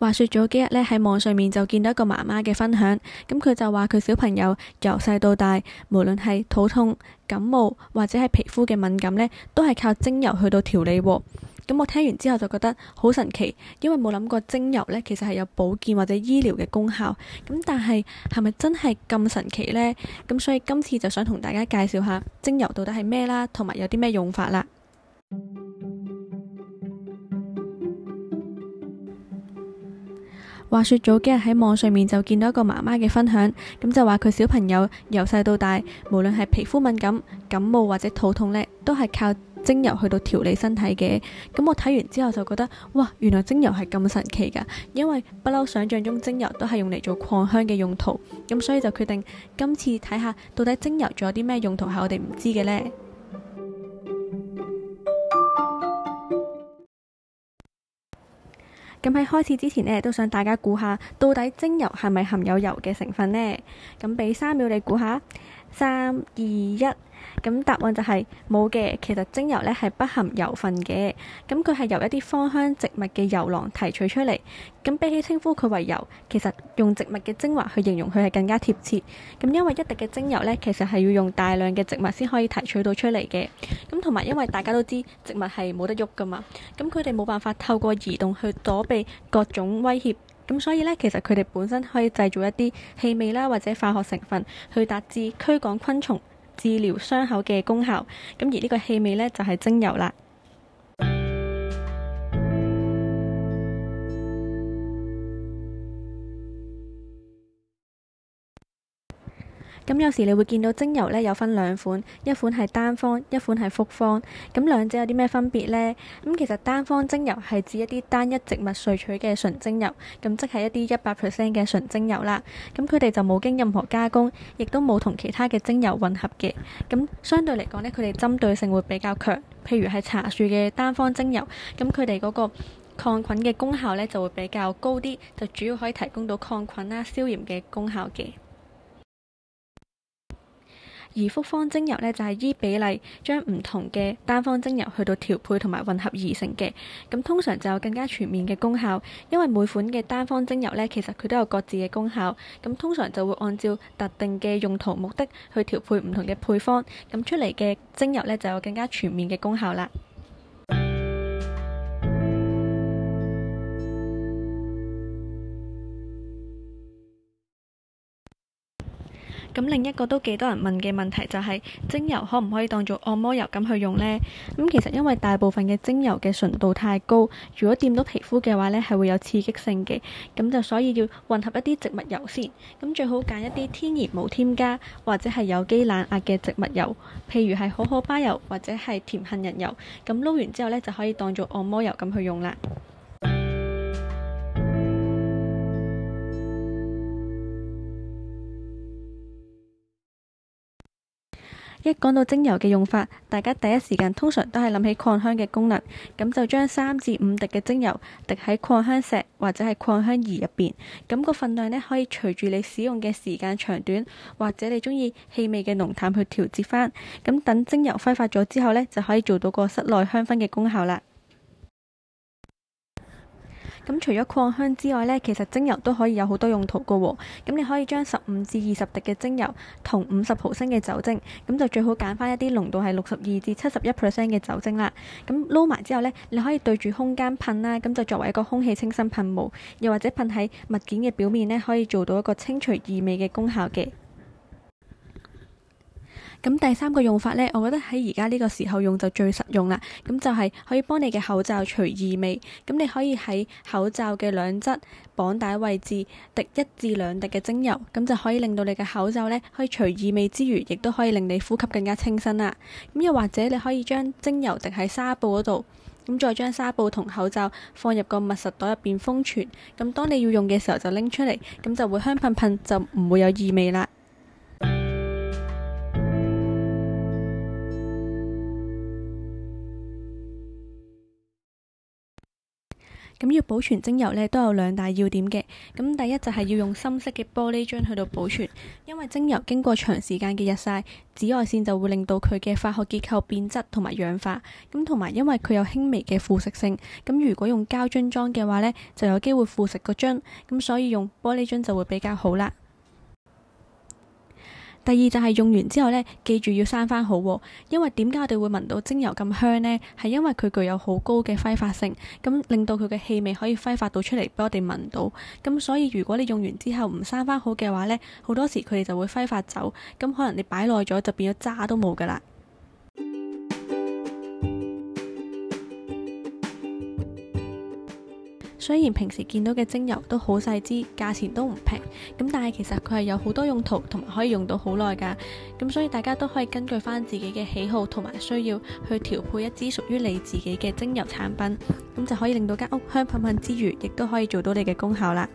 話說早幾日呢，喺網上面就見到一個媽媽嘅分享，咁佢就話佢小朋友由細到大，無論係肚痛、感冒或者係皮膚嘅敏感呢，都係靠精油去到調理。咁我聽完之後就覺得好神奇，因為冇諗過精油呢其實係有保健或者醫療嘅功效。咁但係係咪真係咁神奇呢？咁所以今次就想同大家介紹下精油到底係咩啦，同埋有啲咩用法啦。話說早幾日喺網上面就見到一個媽媽嘅分享，咁就話佢小朋友由細到大，無論係皮膚敏感、感冒或者肚痛呢，都係靠精油去到調理身體嘅。咁我睇完之後就覺得，哇，原來精油係咁神奇噶！因為不嬲想象中精油都係用嚟做擴香嘅用途，咁所以就決定今次睇下到底精油仲有啲咩用途係我哋唔知嘅呢？咁喺開始之前呢，都想大家估下，到底精油係咪含有油嘅成分呢？咁俾三秒你估下。三二一，咁答案就係冇嘅。其實精油咧係不含油份嘅，咁佢係由一啲芳香植物嘅油囊提取出嚟。咁比起稱呼佢為油，其實用植物嘅精華去形容佢係更加貼切。咁因為一滴嘅精油咧，其實係要用大量嘅植物先可以提取到出嚟嘅。咁同埋因為大家都知植物係冇得喐噶嘛，咁佢哋冇辦法透過移動去躲避各種威脅。咁所以咧，其實佢哋本身可以製造一啲氣味啦，或者化學成分，去達至驅趕昆蟲、治療傷口嘅功效。咁而呢個氣味咧，就係精油啦。咁有時你會見到精油呢，有分兩款，一款係單方，一款係複方。咁兩者有啲咩分別呢？咁其實單方精油係指一啲單一植物萃取嘅純精油，咁即係一啲一百 percent 嘅純精油啦。咁佢哋就冇經任何加工，亦都冇同其他嘅精油混合嘅。咁相對嚟講呢，佢哋針對性會比較強。譬如係茶樹嘅單方精油，咁佢哋嗰個抗菌嘅功效呢就會比較高啲，就主要可以提供到抗菌啦、消炎嘅功效嘅。而複方精油咧就係依比例將唔同嘅單方精油去到調配同埋混合而成嘅，咁通常就有更加全面嘅功效，因為每款嘅單方精油咧其實佢都有各自嘅功效，咁通常就會按照特定嘅用途目的去調配唔同嘅配方，咁出嚟嘅精油咧就有更加全面嘅功效啦。咁另一個都幾多人問嘅問題就係精油可唔可以當做按摩油咁去用呢？咁其實因為大部分嘅精油嘅純度太高，如果掂到皮膚嘅話呢係會有刺激性嘅。咁就所以要混合一啲植物油先。咁最好揀一啲天然冇添加或者係有機冷壓嘅植物油，譬如係可可巴油或者係甜杏仁油。咁撈完之後呢，就可以當做按摩油咁去用啦。一講到精油嘅用法，大家第一時間通常都係諗起擴香嘅功能，咁就將三至五滴嘅精油滴喺擴香石或者係擴香儀入邊，咁個份量呢，可以隨住你使用嘅時間長短，或者你鍾意氣味嘅濃淡去調節翻，咁等精油揮發咗之後呢，就可以做到個室內香氛嘅功效啦。咁除咗擴香之外呢，其實精油都可以有好多用途㗎喎。咁你可以將十五至二十滴嘅精油同五十毫升嘅酒精，咁就最好揀返一啲濃度係六十二至七十一 percent 嘅酒精啦。咁撈埋之後呢，你可以對住空間噴啦，咁就作為一個空氣清新噴霧，又或者噴喺物件嘅表面呢，可以做到一個清除異味嘅功效嘅。咁第三個用法呢，我覺得喺而家呢個時候用就最實用啦。咁就係可以幫你嘅口罩除異味。咁你可以喺口罩嘅兩側綁帶位置滴一至兩滴嘅精油，咁就可以令到你嘅口罩呢可以除異味之餘，亦都可以令你呼吸更加清新啦。咁又或者你可以將精油滴喺紗布嗰度，咁再將紗布同口罩放入個密實袋入邊封存。咁當你要用嘅時候就拎出嚟，咁就會香噴噴，就唔會有異味啦。咁要保存精油呢，都有兩大要點嘅。咁第一就係要用深色嘅玻璃樽去到保存，因為精油經過長時間嘅日曬，紫外線就會令到佢嘅化學結構變質同埋氧化。咁同埋因為佢有輕微嘅腐蝕性，咁如果用膠樽裝嘅話呢，就有機會腐蝕個樽。咁所以用玻璃樽就會比較好啦。第二就係用完之後咧，記住要閂返好喎，因為點解我哋會聞到精油咁香咧？係因為佢具有好高嘅揮發性，咁令到佢嘅氣味可以揮發到出嚟畀我哋聞到。咁所以如果你用完之後唔閂返好嘅話咧，好多時佢哋就會揮發走，咁可能你擺耐咗就變咗渣都冇噶啦。雖然平時見到嘅精油都好細支，價錢都唔平，咁但係其實佢係有好多用途，同埋可以用到好耐㗎。咁所以大家都可以根據返自己嘅喜好同埋需要，去調配一支屬於你自己嘅精油產品，咁就可以令到間屋香噴噴之餘，亦都可以做到你嘅功效啦。